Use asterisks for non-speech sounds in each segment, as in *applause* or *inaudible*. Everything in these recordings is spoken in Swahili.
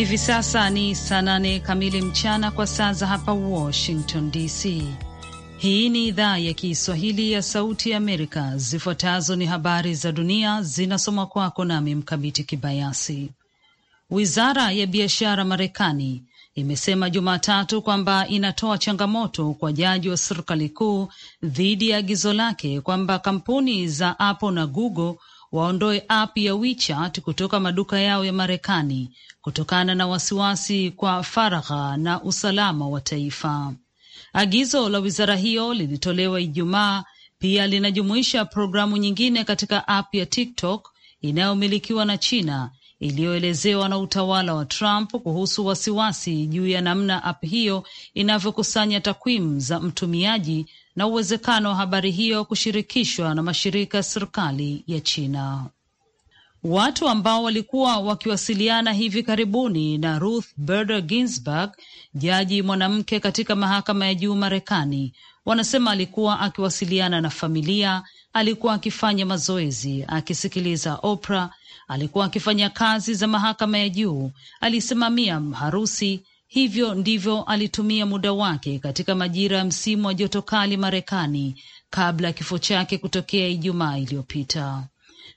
Hivi sasa ni saa nane kamili mchana kwa saa za hapa Washington DC. Hii ni idhaa ya Kiswahili ya Sauti ya Amerika. Zifuatazo ni habari za dunia, zinasoma kwako nami Mkamiti Kibayasi. Wizara ya biashara Marekani imesema Jumatatu kwamba inatoa changamoto kwa jaji wa serikali kuu dhidi ya agizo lake kwamba kampuni za Apple na Google waondoe app ya WeChat kutoka maduka yao ya Marekani kutokana na wasiwasi kwa faragha na usalama wa taifa. Agizo la wizara hiyo lilitolewa Ijumaa, pia linajumuisha programu nyingine katika app ya TikTok inayomilikiwa na China iliyoelezewa na utawala wa Trump kuhusu wasiwasi juu ya namna app hiyo inavyokusanya takwimu za mtumiaji na uwezekano wa habari hiyo kushirikishwa na mashirika ya serikali ya China. Watu ambao walikuwa wakiwasiliana hivi karibuni na Ruth Bader Ginsburg, jaji mwanamke katika mahakama ya juu Marekani, wanasema alikuwa akiwasiliana na familia, alikuwa akifanya mazoezi, akisikiliza Oprah alikuwa akifanya kazi za mahakama ya juu, alisimamia harusi. Hivyo ndivyo alitumia muda wake katika majira ya msimu wa joto kali Marekani kabla ya kifo chake kutokea Ijumaa iliyopita.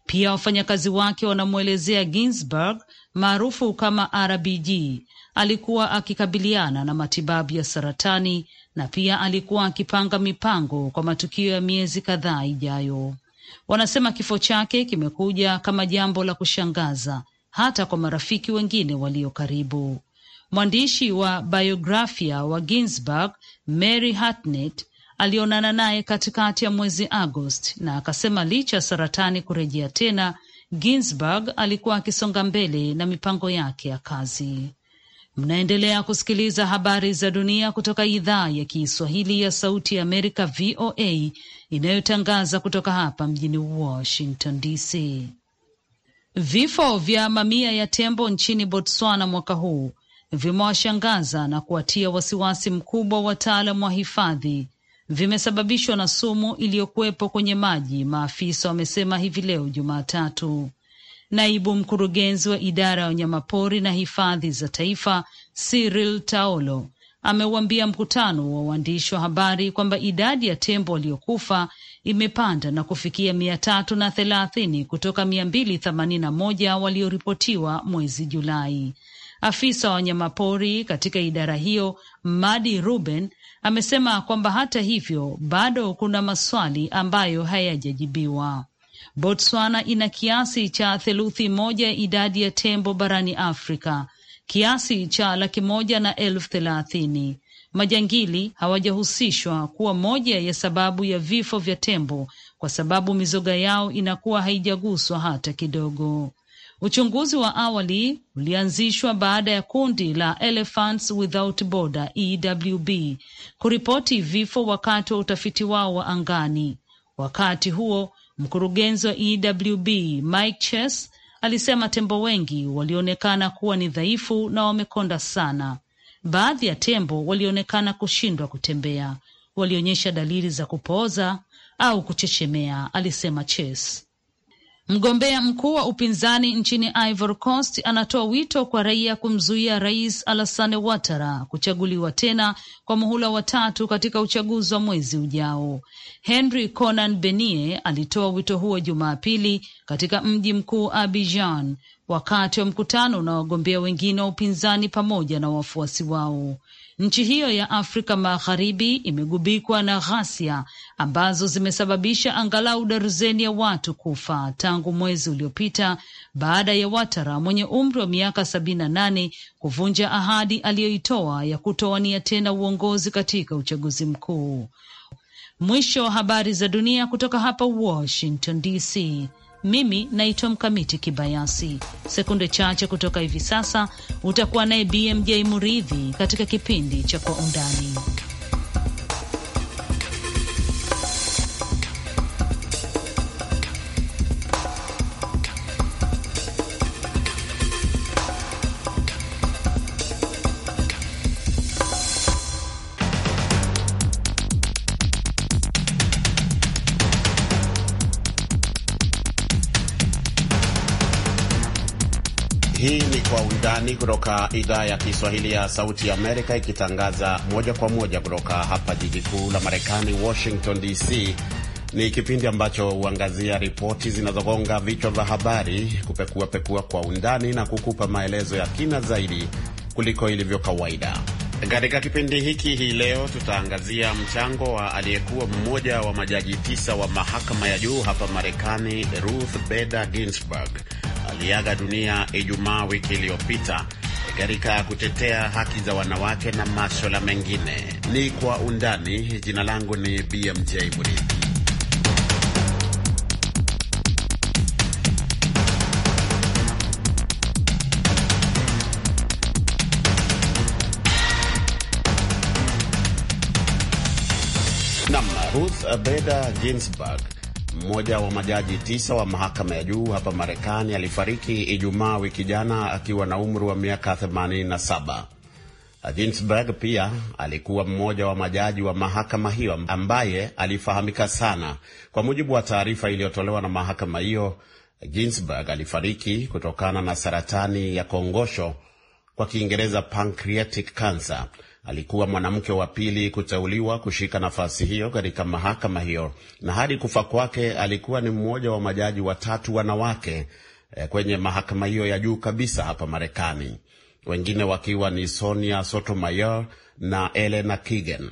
Pia wafanyakazi wake wanamwelezea Ginsburg maarufu kama RBG alikuwa akikabiliana na matibabu ya saratani na pia alikuwa akipanga mipango kwa matukio ya miezi kadhaa ijayo. Wanasema kifo chake kimekuja kama jambo la kushangaza hata kwa marafiki wengine walio karibu. Mwandishi wa biografia wa Ginsburg Mary Hartnett alionana naye katikati ya mwezi Agost na akasema licha ya saratani kurejea tena, Ginsburg alikuwa akisonga mbele na mipango yake ya kazi. Mnaendelea kusikiliza habari za dunia kutoka idhaa ya Kiswahili ya Sauti ya Amerika, VOA, inayotangaza kutoka hapa mjini Washington DC. Vifo vya mamia ya tembo nchini Botswana mwaka huu vimewashangaza na kuwatia wasiwasi mkubwa wataalam wa hifadhi. Vimesababishwa na sumu iliyokuwepo kwenye maji, maafisa wamesema hivi leo Jumatatu. Naibu mkurugenzi wa idara ya wanyamapori na hifadhi za taifa Cyril Taolo ameuambia mkutano wa waandishi wa habari kwamba idadi ya tembo waliokufa imepanda na kufikia mia tatu na thelathini kutoka mia mbili themanini na moja walioripotiwa mwezi Julai. Afisa wa wanyamapori katika idara hiyo Madi Ruben amesema kwamba hata hivyo bado kuna maswali ambayo hayajajibiwa. Botswana ina kiasi cha theluthi moja ya idadi ya tembo barani Afrika, kiasi cha laki moja na elfu thelathini. Majangili hawajahusishwa kuwa moja ya sababu ya vifo vya tembo kwa sababu mizoga yao inakuwa haijaguswa hata kidogo. Uchunguzi wa awali ulianzishwa baada ya kundi la Elephants Without Border EWB kuripoti vifo wakati wa utafiti wao wa angani. Wakati huo Mkurugenzi wa EWB Mike Chase alisema tembo wengi walionekana kuwa ni dhaifu na wamekonda sana. Baadhi ya tembo walionekana kushindwa kutembea, walionyesha dalili za kupooza au kuchechemea, alisema Chase. Mgombea mkuu wa upinzani nchini Ivory Coast anatoa wito kwa raia kumzuia Rais Alassane Ouattara kuchaguliwa tena kwa muhula wa tatu katika uchaguzi wa mwezi ujao. Henry Konan Benie alitoa wito huo Jumapili katika mji mkuu Abidjan wakati wa mkutano na wagombea wengine wa upinzani pamoja na wafuasi wao. Nchi hiyo ya Afrika Magharibi imegubikwa na ghasia ambazo zimesababisha angalau daruzeni ya watu kufa tangu mwezi uliopita baada ya Watara mwenye umri wa miaka sabini na nane kuvunja ahadi aliyoitoa ya kutowania tena uongozi katika uchaguzi mkuu. Mwisho wa habari za dunia kutoka hapa Washington DC. Mimi naitwa Mkamiti Kibayasi. Sekunde chache kutoka hivi sasa utakuwa naye BMJ Muridhi katika kipindi cha Kwa Undani. Undani kutoka idhaa ya Kiswahili ya Sauti Amerika, ikitangaza moja kwa moja kutoka hapa jiji kuu la Marekani, Washington DC. Ni kipindi ambacho huangazia ripoti zinazogonga vichwa vya habari, kupekuapekua kwa undani na kukupa maelezo ya kina zaidi kuliko ilivyo kawaida. Katika kipindi hiki hii leo tutaangazia mchango wa aliyekuwa mmoja wa majaji tisa wa mahakama ya juu hapa Marekani, Ruth Bader Ginsburg aliaga dunia Ijumaa wiki iliyopita katika kutetea haki za wanawake na maswala mengine. Ni kwa undani. Jina langu ni BMJ Muridi. Ruth Bader Ginsburg mmoja wa majaji tisa wa mahakama ya juu hapa Marekani alifariki Ijumaa wiki jana akiwa na umri wa miaka 87. Ginsburg pia alikuwa mmoja wa majaji wa mahakama hiyo ambaye alifahamika sana. Kwa mujibu wa taarifa iliyotolewa na mahakama hiyo, Ginsburg alifariki kutokana na saratani ya kongosho, kwa Kiingereza pancreatic cancer Alikuwa mwanamke wa pili kuteuliwa kushika nafasi hiyo katika mahakama hiyo, na hadi kufa kwake alikuwa ni mmoja wa majaji watatu wanawake eh, kwenye mahakama hiyo ya juu kabisa hapa Marekani, wengine wakiwa ni Sonia Sotomayor na Elena Kagan.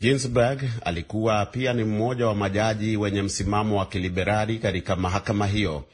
Ginsburg alikuwa pia ni mmoja wa majaji wenye msimamo wa kiliberali katika mahakama hiyo.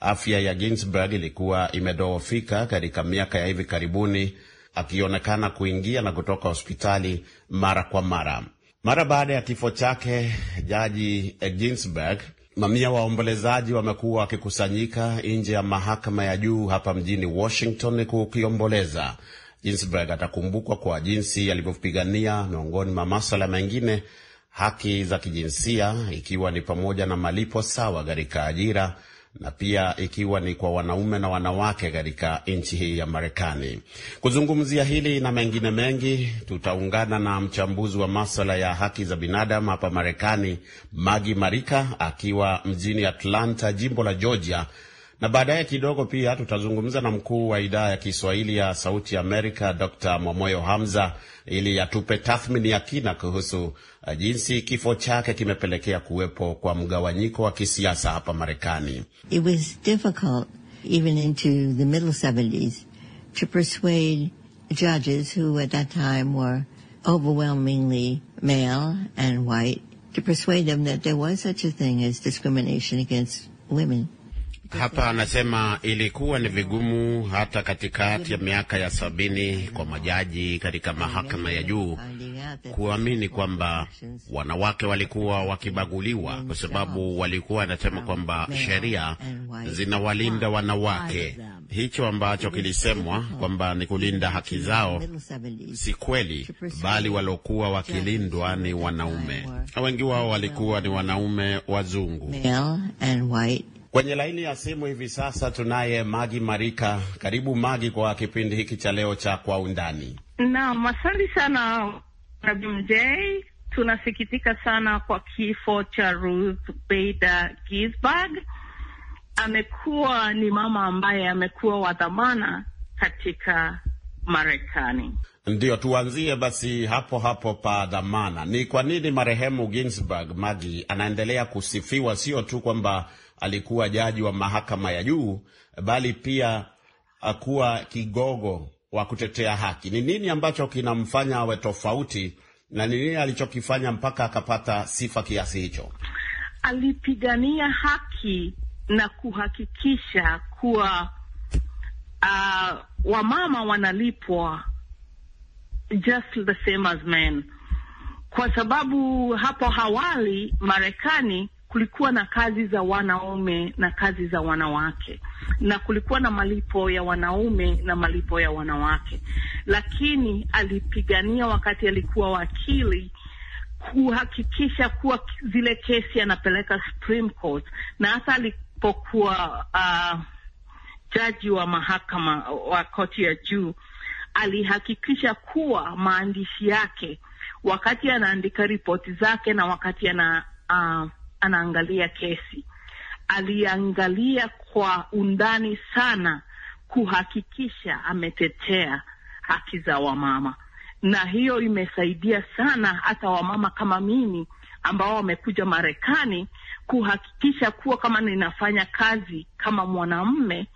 Afya ya Ginsburg ilikuwa imedoofika katika miaka ya hivi karibuni akionekana kuingia na kutoka hospitali mara kwa mara. Mara baada ya kifo chake Jaji Ginsburg, mamia waombolezaji wamekuwa wakikusanyika nje ya mahakama ya juu hapa mjini Washington kukiomboleza. Ginsburg atakumbukwa kwa jinsi alivyopigania miongoni mwa maswala mengine haki za kijinsia, ikiwa ni pamoja na malipo sawa katika ajira na pia ikiwa ni kwa wanaume na wanawake katika nchi hii ya Marekani. Kuzungumzia hili na mengine mengi, tutaungana na mchambuzi wa maswala ya haki za binadamu hapa Marekani, Magi Marika akiwa mjini Atlanta, jimbo la Georgia na baadaye kidogo pia tutazungumza na mkuu wa idara ya Kiswahili ya Sauti Amerika Dr. Momoyo Hamza ili atupe tathmini ya kina kuhusu uh, jinsi kifo chake kimepelekea kuwepo kwa mgawanyiko wa kisiasa hapa Marekani. It was difficult even into the middle 70s to persuade judges who at that time were overwhelmingly male and white to persuade them that there was such a thing as discrimination against women. Hapa anasema ilikuwa ni vigumu hata katikati ya miaka ya sabini kwa majaji katika mahakama ya juu kuamini kwamba wanawake walikuwa wakibaguliwa, kwa sababu walikuwa wanasema kwamba sheria zinawalinda wanawake. Hicho ambacho kilisemwa kwamba ni kulinda haki zao si kweli, bali waliokuwa wakilindwa ni wanaume. Wengi wao walikuwa ni wanaume wazungu. Kwenye laini ya simu hivi sasa tunaye Magi Marika. Karibu Magi kwa kipindi hiki cha leo cha Kwa Undani. Naam, asante sana BMJ. Tunasikitika sana kwa kifo cha Ruth Bader Ginsburg. Amekuwa ni mama ambaye amekuwa wa dhamana katika Marekani. ndio tuanzie basi hapo hapo pa dhamana. Ni kwa nini marehemu Ginsburg, Magi, anaendelea kusifiwa, sio tu kwamba alikuwa jaji wa mahakama ya juu, bali pia akuwa kigogo wa kutetea haki. Ni nini ambacho kinamfanya awe tofauti na ni nini alichokifanya mpaka akapata sifa kiasi hicho? Alipigania haki na kuhakikisha kuwa uh, wamama wanalipwa just the same as men, kwa sababu hapo hawali Marekani kulikuwa na kazi za wanaume na kazi za wanawake, na kulikuwa na malipo ya wanaume na malipo ya wanawake, lakini alipigania wakati alikuwa wakili kuhakikisha kuwa zile kesi anapeleka Supreme Court, na hata alipokuwa uh, jaji wa mahakama wa koti ya juu alihakikisha kuwa maandishi yake wakati anaandika ripoti zake na wakati ana uh, anaangalia kesi, aliangalia kwa undani sana kuhakikisha ametetea haki za wamama, na hiyo imesaidia sana hata wamama kama mimi ambao wamekuja Marekani kuhakikisha kuwa kama ninafanya kazi kama mwanamme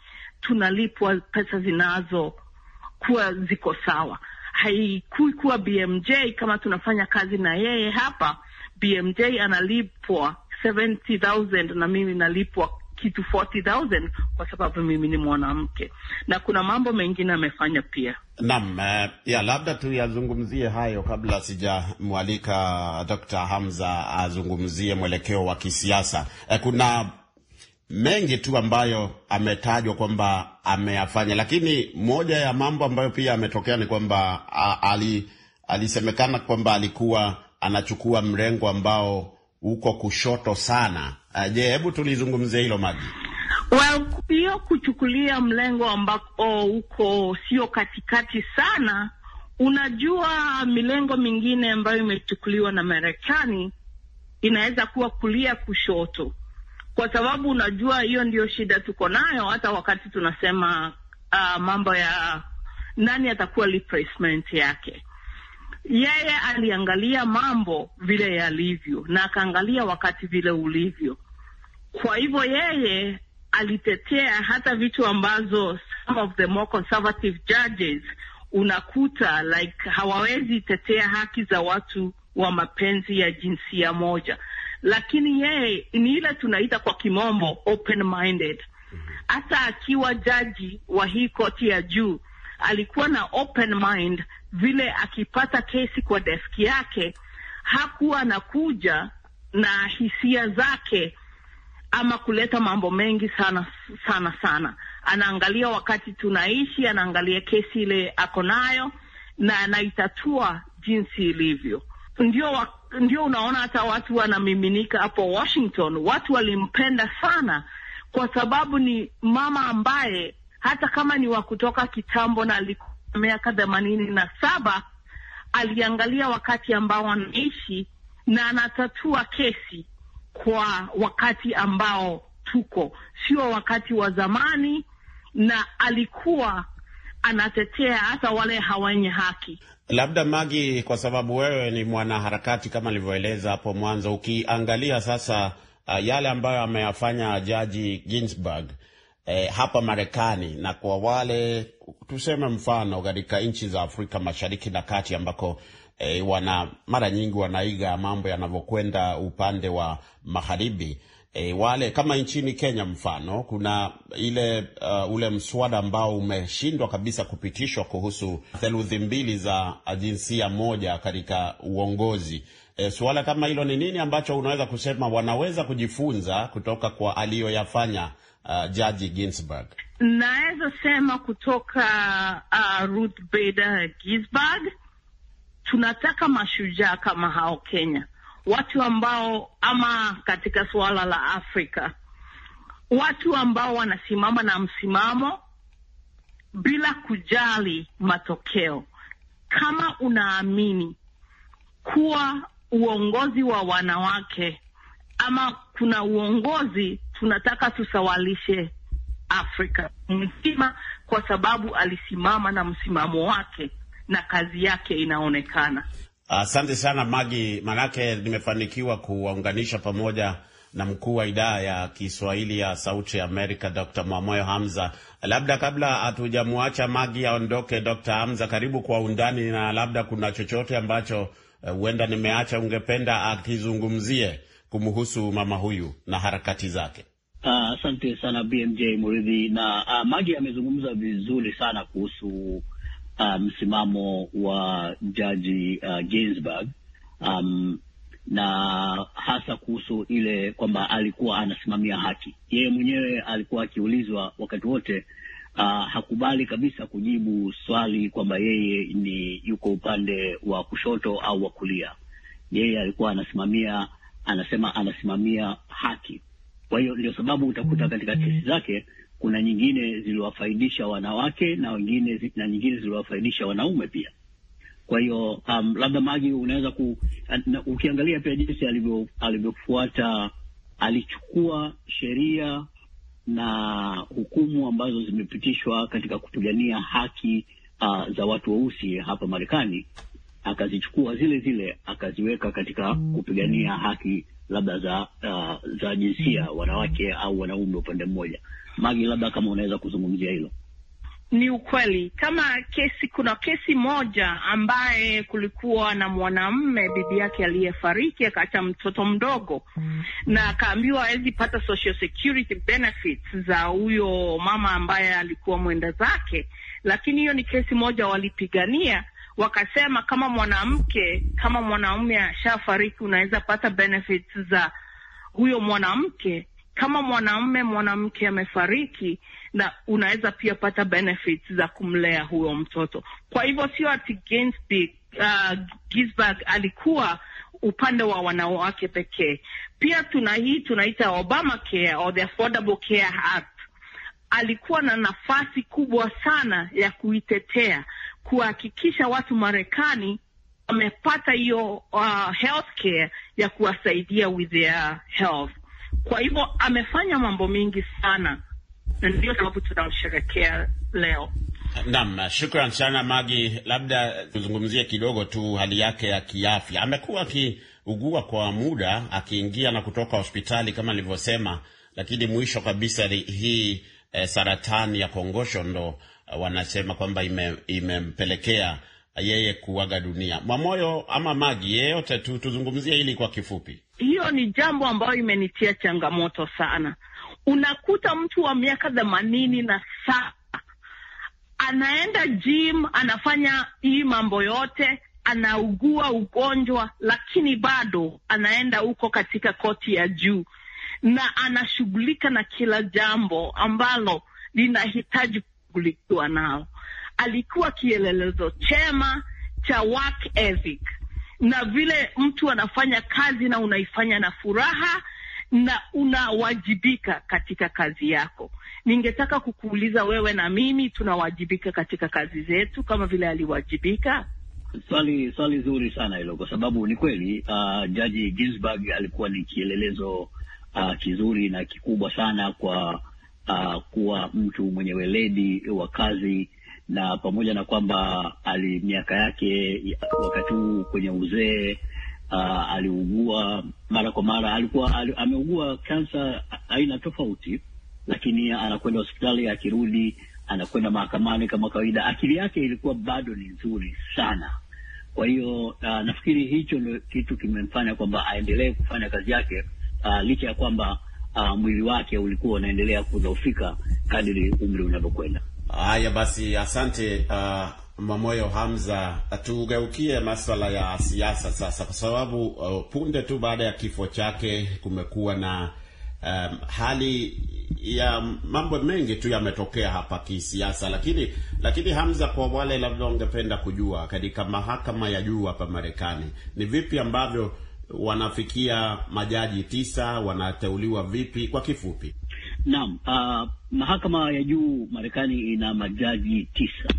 tunalipwa pesa zinazokuwa ziko sawa. Haikui kuwa BMJ kama tunafanya kazi na yeye hapa, BMJ analipwa 70,000 na mimi nalipwa kitu 40,000 kwa sababu mimi ni mwanamke, na kuna mambo mengine amefanya pia. Naam, eh, ya labda tuyazungumzie hayo kabla sijamwalika Dr. Hamza azungumzie mwelekeo wa kisiasa. Eh, kuna mengi tu ambayo ametajwa kwamba ameyafanya, lakini moja ya mambo ambayo pia ametokea ni kwamba ali, alisemekana kwamba alikuwa anachukua mrengo ambao uko kushoto sana. Ah, je, hebu tulizungumzia hilo maji. Well, hiyo kuchukulia mlengo ambako uko sio katikati sana. Unajua, milengo mingine ambayo imechukuliwa na Marekani inaweza kuwa kulia kushoto, kwa sababu unajua, hiyo ndiyo shida tuko nayo, hata wakati tunasema uh, mambo ya nani atakuwa replacement yake yeye aliangalia mambo vile yalivyo na akaangalia wakati vile ulivyo. Kwa hivyo yeye alitetea hata vitu ambazo some of the more conservative judges unakuta like hawawezi tetea haki za watu wa mapenzi ya jinsia moja, lakini yeye ni ile tunaita kwa kimombo open minded. Mm-hmm. Hata akiwa jaji wa hii koti ya juu alikuwa na open mind, vile akipata kesi kwa deski yake hakuwa anakuja na hisia zake ama kuleta mambo mengi sana sana sana. Anaangalia wakati tunaishi, anaangalia kesi ile ako nayo na anaitatua jinsi ilivyo. Ndio wa, ndio unaona hata watu wanamiminika hapo Washington. Watu walimpenda sana kwa sababu ni mama ambaye hata kama ni wa kutoka kitambo na alikuwa miaka themanini na saba, aliangalia wakati ambao anaishi na anatatua kesi kwa wakati ambao tuko, sio wakati wa zamani, na alikuwa anatetea hata wale hawenye haki. Labda Magi, kwa sababu wewe ni mwanaharakati kama alivyoeleza hapo mwanzo, ukiangalia sasa uh, yale ambayo ameyafanya Jaji Ginsburg eh, hapa Marekani na kwa wale tuseme mfano katika nchi za Afrika Mashariki na Kati ambako E, wana mara nyingi wanaiga mambo yanavyokwenda upande wa magharibi. E, wale kama nchini Kenya mfano kuna ile uh, ule mswada ambao umeshindwa kabisa kupitishwa kuhusu theluthi mbili za jinsia moja katika uongozi. E, suala kama hilo ni nini ambacho unaweza kusema wanaweza kujifunza kutoka kwa aliyoyafanya Uh, Jaji Ginsburg? Naweza sema kutoka uh, Ruth Bader Ginsburg, tunataka mashujaa kama hao Kenya, watu ambao ama katika suala la Afrika, watu ambao wanasimama na msimamo bila kujali matokeo. Kama unaamini kuwa uongozi wa wanawake ama kuna uongozi tunataka tusawalishe Afrika mzima, kwa sababu alisimama na msimamo wake na kazi yake inaonekana. Asante uh, sana Magi, manake nimefanikiwa kuwaunganisha pamoja na mkuu wa idara ya Kiswahili ya Sauti ya Amerika, Dr. Mwamoyo Hamza. Labda kabla hatujamwacha Magi aondoke, Dr. Hamza, karibu kwa undani, na labda kuna chochote ambacho eh, huenda uh, nimeacha ungependa akizungumzie kumhusu mama huyu na harakati zake. Ah, asante uh, sana BMJ Muridhi na uh, Magi amezungumza vizuri sana kuhusu ah, msimamo wa jaji uh, Ginsburg um, na hasa kuhusu ile kwamba alikuwa anasimamia haki. Yeye mwenyewe alikuwa akiulizwa wakati wote uh, hakubali kabisa kujibu swali kwamba yeye ni yuko upande wa kushoto au wa kulia. Yeye alikuwa anasimamia, anasema anasimamia haki kwa hiyo ndio sababu utakuta katika kesi zake kuna nyingine ziliwafaidisha wanawake na wengine na nyingine ziliwafaidisha wanaume pia. Kwa hiyo um, labda Magi unaweza ku, na, ukiangalia pia jinsi alivyofuata, alichukua sheria na hukumu ambazo zimepitishwa katika kupigania haki uh, za watu weusi hapa Marekani, akazichukua zile zile akaziweka katika mm. kupigania haki labda za uh, za jinsia mm-hmm. wanawake au wanaume upande mmoja. Magi, labda kama unaweza kuzungumzia hilo. Ni ukweli kama kesi, kuna kesi moja ambaye kulikuwa na mwanamme bibi yake aliyefariki akaacha mtoto mdogo, mm-hmm. na akaambiwa hawezi pata social security benefits za huyo mama ambaye alikuwa mwenda zake, lakini hiyo ni kesi moja walipigania wakasema kama mwanamke kama mwanaume ashafariki unaweza pata benefits za huyo mwanamke kama mwanaume mwanamke amefariki, na unaweza pia pata benefits za kumlea huyo mtoto. Kwa hivyo sio ati Ginsburg, uh, alikuwa upande wa wanawake pekee. Pia tuna hii tunaita Obamacare or the Affordable Care Act, alikuwa na nafasi kubwa sana ya kuitetea kuhakikisha watu Marekani wamepata hiyo uh, healthcare ya kuwasaidia with their health. Kwa hivyo amefanya mambo mengi sana, na ndio sababu tunamsherekea leo. Naam, shukran sana Magi. Labda tuzungumzie kidogo tu hali yake ya kiafya. Amekuwa akiugua kwa muda, akiingia na kutoka hospitali kama nilivyosema, lakini mwisho kabisa hii eh, saratani ya kongosho ndo wanasema kwamba imempelekea ime yeye kuaga dunia. Mwamoyo ama Magi, yeyote tu, tuzungumzie hili kwa kifupi. Hiyo ni jambo ambayo imenitia changamoto sana. Unakuta mtu wa miaka themanini na saba anaenda gym, anafanya hii mambo yote anaugua ugonjwa lakini bado anaenda huko katika koti ya juu, na anashughulika na kila jambo ambalo linahitaji alishughulikiwa nao. Alikuwa kielelezo chema cha work ethic na vile mtu anafanya kazi na unaifanya na furaha na unawajibika katika kazi yako. Ningetaka kukuuliza wewe na mimi tunawajibika katika kazi zetu kama vile aliwajibika? Swali swali zuri sana hilo, kwa sababu ni kweli uh, Jaji Ginsburg alikuwa ni kielelezo uh, kizuri na kikubwa sana kwa uh, kuwa mtu mwenye weledi wa kazi na pamoja na kwamba ali miaka yake wakati huu kwenye uzee uh, aliugua mara kwa mara, alikuwa al, ameugua kansa aina tofauti, lakini anakwenda hospitali, akirudi anakwenda mahakamani kama kawaida. Akili yake ilikuwa bado ni nzuri sana. Kwa hiyo uh, nafikiri hicho ndio kitu kimemfanya kwamba aendelee kufanya kazi yake uh, licha ya kwamba uh, mwili wake ulikuwa unaendelea kudhoofika kadri umri unavyokwenda. Haya basi, asante uh, ah, Mamoyo Hamza. Tugeukie maswala ya siasa sasa, kwa sababu uh, punde tu baada ya kifo chake kumekuwa na um, hali ya mambo mengi tu yametokea hapa kisiasa, lakini lakini Hamza, kwa wale labda wangependa kujua katika mahakama ya juu hapa Marekani ni vipi ambavyo wanafikia majaji tisa, wanateuliwa vipi kwa kifupi? Naam, uh, mahakama ya juu Marekani ina majaji tisa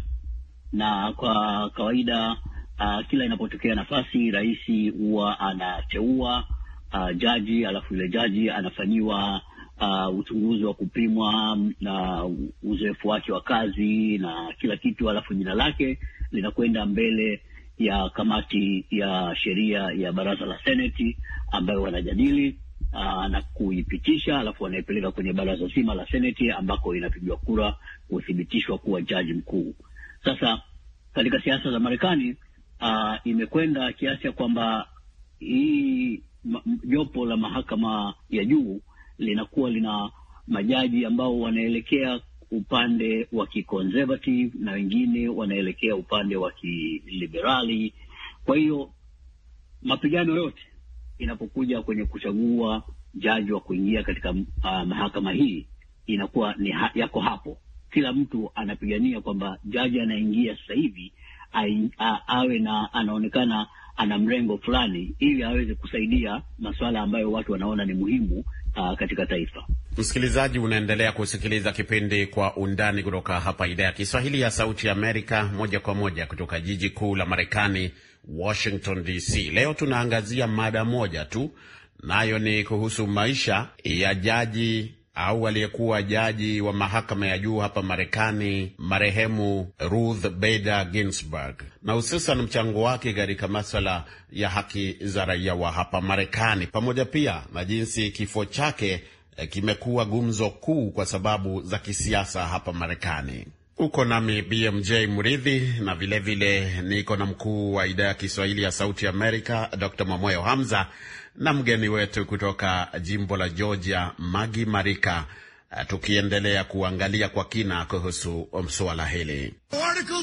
na kwa kawaida uh, kila inapotokea nafasi rais huwa anateua uh, jaji alafu yule jaji anafanyiwa uh, uchunguzi wa kupimwa na uzoefu wake wa kazi na kila kitu, alafu jina lake linakwenda mbele ya kamati ya sheria ya baraza la Seneti ambayo wanajadili aa, ah, na kuipitisha, alafu wanaipeleka kwenye baraza zima la Seneti ambako inapigwa kura kuthibitishwa kuwa jaji mkuu. Sasa katika siasa za Marekani ah, imekwenda kiasi ya kwamba hii jopo la mahakama ya juu linakuwa lina majaji ambao wanaelekea upande wa kiconservative na wengine wanaelekea upande wa kiliberali. Kwa hiyo mapigano yote inapokuja kwenye kuchagua jaji wa kuingia katika uh, mahakama hii inakuwa ni ha yako hapo. Kila mtu anapigania kwamba jaji anaingia sasa hivi awe na anaonekana ana mrengo fulani, ili aweze kusaidia masuala ambayo watu wanaona ni muhimu uh, katika taifa. Msikilizaji, unaendelea kusikiliza kipindi Kwa Undani kutoka hapa idhaa ya Kiswahili ya Sauti ya Amerika, moja kwa moja kutoka jiji kuu la Marekani, Washington DC. Leo tunaangazia mada moja tu, nayo ni kuhusu maisha ya jaji au aliyekuwa jaji wa mahakama ya juu hapa Marekani, marehemu Ruth Bader Ginsburg, na hususan mchango wake katika maswala ya haki za raia wa hapa Marekani, pamoja pia na jinsi kifo chake Eh, kimekuwa gumzo kuu kwa sababu za kisiasa hapa Marekani. Uko nami BMJ Mridhi, na vilevile niko na mkuu wa idhaa ya Kiswahili ya Sauti Amerika Dr Mamoyo Hamza na mgeni wetu kutoka jimbo la Georgia Magi Marika, eh, tukiendelea kuangalia kwa kina kuhusu um, suala hili. Article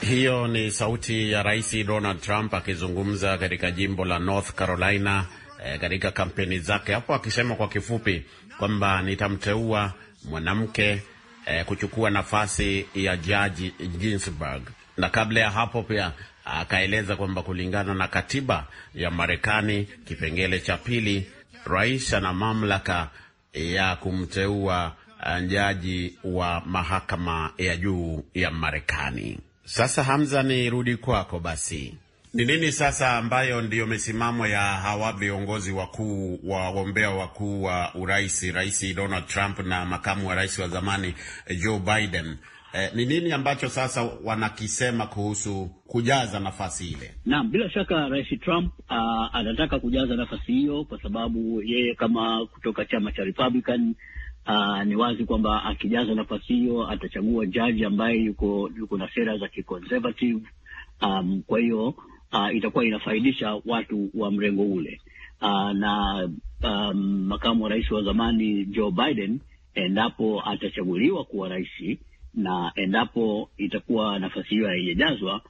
hiyo ni sauti ya Rais Donald Trump akizungumza katika jimbo la North Carolina eh, katika kampeni zake hapo, akisema kwa kifupi kwamba nitamteua mwanamke eh, kuchukua nafasi ya jaji Ginsburg, na kabla ya hapo pia akaeleza kwamba kulingana na katiba ya Marekani kipengele cha pili, rais ana mamlaka ya kumteua eh, jaji wa mahakama ya juu ya Marekani. Sasa Hamza, ni rudi kwako basi, ni nini sasa ambayo ndiyo misimamo ya hawa viongozi wakuu wa wagombea wakuu wa urais, Rais Donald Trump na makamu wa rais wa zamani eh, Joe Biden? Eh, ni eh, nini ambacho sasa wanakisema kuhusu kujaza nafasi ile? Naam, bila shaka Rais Trump uh, anataka kujaza nafasi hiyo kwa sababu yeye kama kutoka chama cha Republican Aa, ah, ni wazi kwamba akijaza nafasi hiyo atachagua jaji ambaye yuko yuko na sera za kiconservative. Um, kwa hiyo uh, itakuwa inafaidisha watu wa mrengo ule Aa, ah, na um, makamu wa rais wa zamani Joe Biden endapo atachaguliwa kuwa rais na endapo itakuwa nafasi hiyo haijajazwa,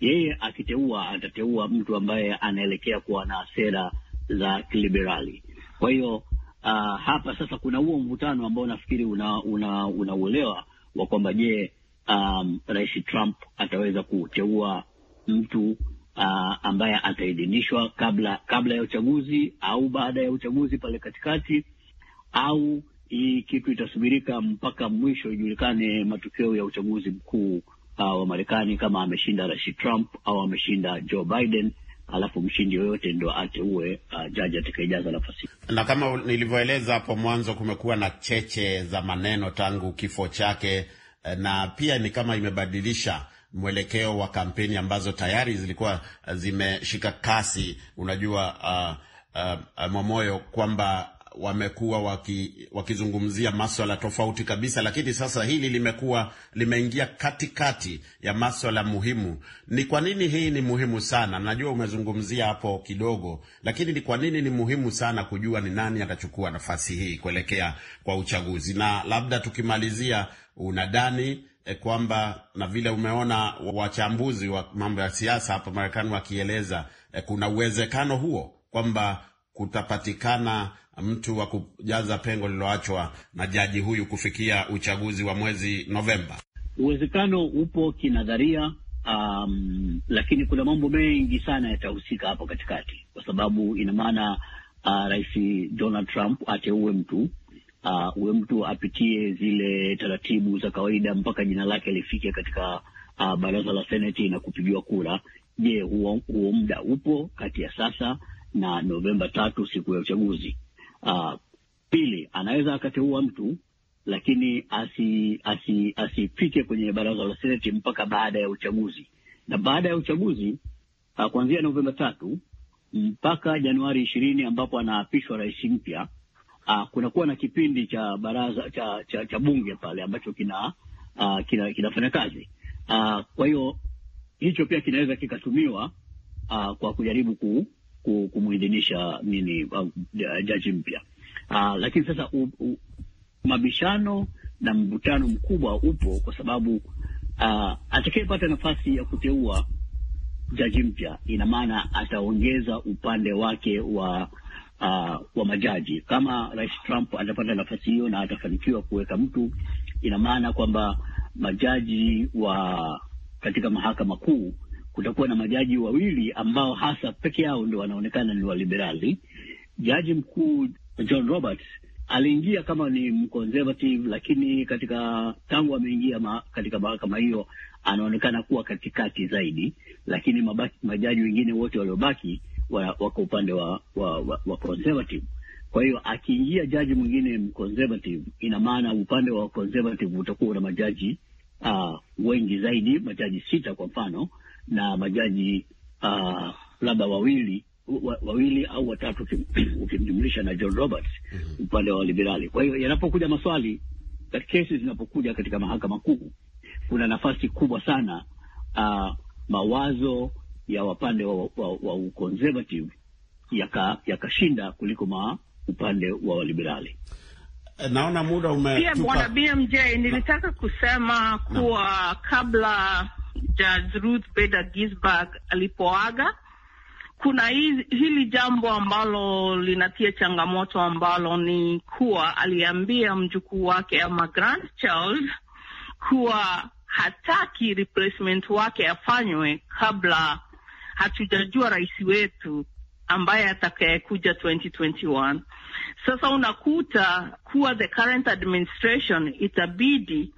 yeye akiteua atateua mtu ambaye anaelekea kuwa na sera za kiliberali. Kwa hiyo uh, hapa sasa kuna huo mvutano ambao nafikiri unauelewa una, una wa kwamba je, um, Rais Trump ataweza kuteua mtu Uh, ambaye ataidhinishwa kabla kabla ya uchaguzi au baada ya uchaguzi pale katikati, au hii kitu itasubirika mpaka mwisho ijulikane matokeo ya uchaguzi mkuu uh, wa Marekani, kama ameshinda Rais Trump au ameshinda Joe Biden, alafu mshindi yoyote ndo ateue uh, jaji atakayejaza nafasi. Na kama nilivyoeleza hapo mwanzo, kumekuwa na cheche za maneno tangu kifo chake, eh, na pia ni kama imebadilisha mwelekeo wa kampeni ambazo tayari zilikuwa eh, zimeshika kasi. Unajua uh, uh, uh Momoyo, kwamba wamekuwa waki, wakizungumzia maswala tofauti kabisa, lakini sasa hili limekuwa limeingia katikati ya maswala muhimu. Ni kwa nini hii ni muhimu sana? Najua umezungumzia hapo kidogo, lakini ni kwa nini ni muhimu sana kujua ni nani atachukua nafasi hii kuelekea kwa uchaguzi? Na labda tukimalizia, unadani E, kwamba na vile umeona wachambuzi wa mambo ya siasa hapa Marekani wakieleza, e, kuna uwezekano huo kwamba kutapatikana mtu wa kujaza pengo lililoachwa na jaji huyu kufikia uchaguzi wa mwezi Novemba? Uwezekano upo kinadharia, um, lakini kuna mambo mengi sana yatahusika hapo katikati, kwa sababu ina maana uh, Rais Donald Trump ateue mtu uh, uwe mtu apitie zile taratibu za kawaida mpaka jina lake lifike katika uh, baraza la seneti na kupigiwa kura. Je, huo, huo muda upo kati ya sasa na Novemba tatu, siku ya uchaguzi. Uh, pili, anaweza akateua mtu lakini asifike asi, asifike kwenye baraza la seneti mpaka baada ya uchaguzi, na baada ya uchaguzi uh, kuanzia Novemba tatu mpaka Januari ishirini ambapo anaapishwa rais mpya uh, kunakuwa na kipindi cha baraza cha, cha, cha bunge pale ambacho kina uh, kina kinafanya kazi uh, kwa hiyo hicho pia kinaweza kikatumiwa uh, kwa kujaribu ku, kumwidhinisha nini jaji mpya. Uh, lakini sasa u, u, mabishano na mvutano mkubwa upo kwa sababu uh, atakayepata nafasi ya kuteua jaji mpya, ina maana ataongeza upande wake wa uh, wa majaji. Kama Rais Trump atapata nafasi hiyo na atafanikiwa kuweka mtu, ina maana kwamba majaji wa katika mahakama kuu kutakuwa na majaji wawili ambao hasa peke yao ndio wanaonekana ni waliberali. Jaji mkuu John Roberts aliingia kama ni mconservative, lakini katika tangu ameingia ma, katika mahakama hiyo anaonekana kuwa katikati zaidi, lakini mabaki, majaji wengine wote waliobaki wako upande wa, wa, wa, wa conservative. Kwa hiyo akiingia jaji mwingine mconservative, ina maana upande wa conservative utakuwa na majaji uh, wengi zaidi, majaji sita kwa mfano na majaji uh, labda wawili wawili au watatu *clears throat* ukimjumlisha na John Roberts mm -hmm. upande wa liberali. Kwa hiyo yanapokuja maswali kesi zinapokuja katika mahakama kuu, kuna nafasi kubwa sana uh, mawazo ya wapande wa, wa, wa uconservative yakashinda yaka kuliko ma upande wa waliberali. Naona muda umetupa. Pia bwana BMJ nilitaka kusema kuwa kabla Judge Ruth Bader Ginsburg alipoaga. Kuna hili, hili jambo ambalo linatia changamoto ambalo ni kuwa aliambia mjukuu wake ama grandchild kuwa hataki replacement wake afanywe kabla hatujajua rais wetu ambaye atakayekuja 2021. Sasa unakuta kuwa the current administration itabidi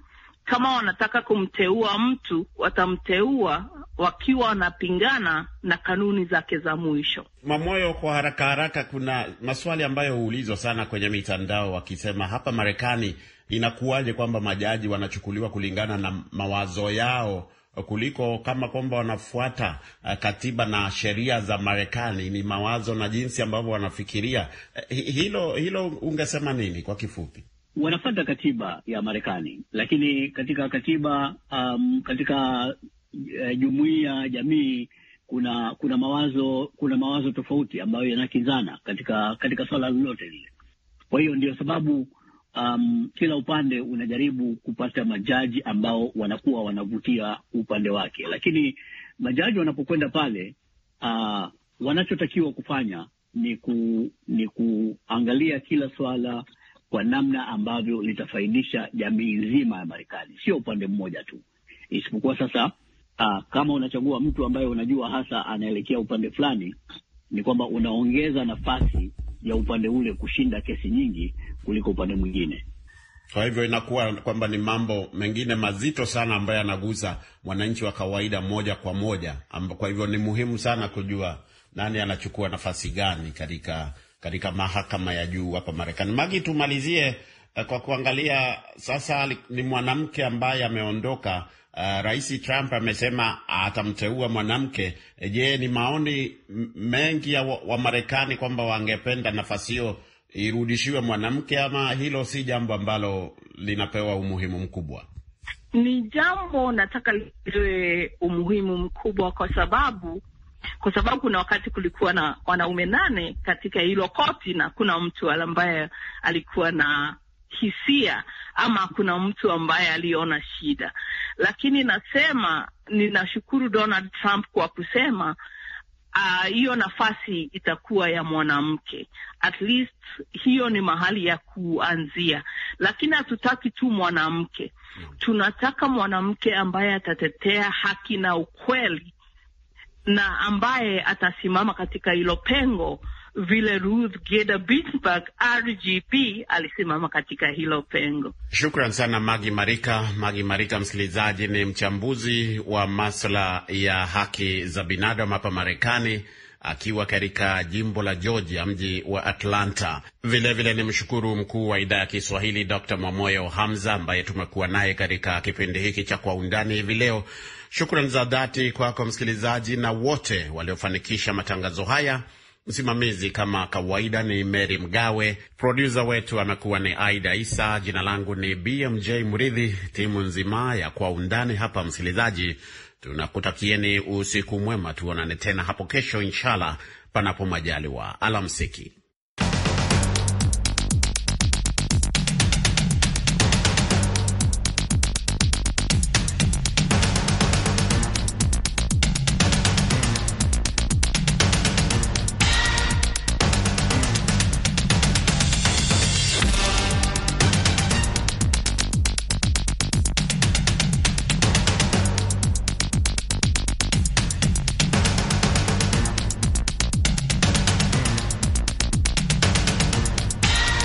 kama wanataka kumteua mtu watamteua wakiwa wanapingana na kanuni zake za mwisho. Mamoyo, kwa haraka haraka, kuna maswali ambayo huulizwa sana kwenye mitandao wakisema, hapa Marekani inakuwaje kwamba majaji wanachukuliwa kulingana na mawazo yao kuliko kama kwamba wanafuata eh, katiba na sheria za Marekani? Ni mawazo na jinsi ambavyo wanafikiria eh, hilo. Hilo ungesema nini kwa kifupi? wanafata katiba ya Marekani, lakini katika katiba um, katika uh, jumuiya jamii kuna kuna mawazo kuna mawazo tofauti ambayo yanakinzana katika katika swala lolote lile. Kwa hiyo ndio sababu um, kila upande unajaribu kupata majaji ambao wanakuwa wanavutia upande wake, lakini majaji wanapokwenda pale uh, wanachotakiwa kufanya ni, ku, ni kuangalia kila swala kwa namna ambavyo litafaidisha jamii nzima ya Marekani, sio upande mmoja tu. Isipokuwa sasa, uh, kama unachagua mtu ambaye unajua hasa anaelekea upande fulani, ni kwamba unaongeza nafasi ya upande ule kushinda kesi nyingi kuliko upande mwingine. Kwa hivyo inakuwa kwamba ni mambo mengine mazito sana ambayo yanagusa mwananchi wa kawaida moja kwa moja. Kwa hivyo ni muhimu sana kujua nani anachukua nafasi gani katika katika mahakama ya juu hapa Marekani. Magi, tumalizie eh, kwa kuangalia sasa, ni mwanamke ambaye ameondoka. Uh, Rais Trump amesema atamteua mwanamke. Eh, je, ni maoni mengi ya Wamarekani wa kwamba wangependa nafasi hiyo irudishiwe mwanamke, ama hilo si jambo ambalo linapewa umuhimu mkubwa? Ni jambo nataka liwe umuhimu mkubwa kwa sababu kwa sababu kuna wakati kulikuwa na wanaume nane katika hilo koti na kuna mtu ambaye alikuwa na hisia ama kuna mtu ambaye aliona shida, lakini nasema ninashukuru Donald Trump kwa kusema ah, hiyo uh, nafasi itakuwa ya mwanamke. At least hiyo ni mahali ya kuanzia, lakini hatutaki tu mwanamke, hmm. tunataka mwanamke ambaye atatetea haki na ukweli na ambaye atasimama katika hilo pengo vile Ruth Geda Ginsburg RGB alisimama katika hilo pengo. Shukran sana Magi Marika. Magi Marika, msikilizaji, ni mchambuzi wa maswala ya haki za binadamu hapa Marekani akiwa katika jimbo la Georgia, mji wa Atlanta. Vilevile ni mshukuru mkuu wa idhaa ya Kiswahili Dr Mwamoyo Hamza ambaye tumekuwa naye katika kipindi hiki cha Kwa Undani hivi leo. Shukrani za dhati kwako msikilizaji na wote waliofanikisha matangazo haya. Msimamizi kama kawaida ni Mary Mgawe, produsa wetu amekuwa ni Aida Isa. Jina langu ni BMJ Mridhi. Timu nzima ya Kwa Undani hapa msikilizaji Tunakutakieni usiku mwema, tuonane tena hapo kesho inshallah, panapo majaliwa. Alamsiki.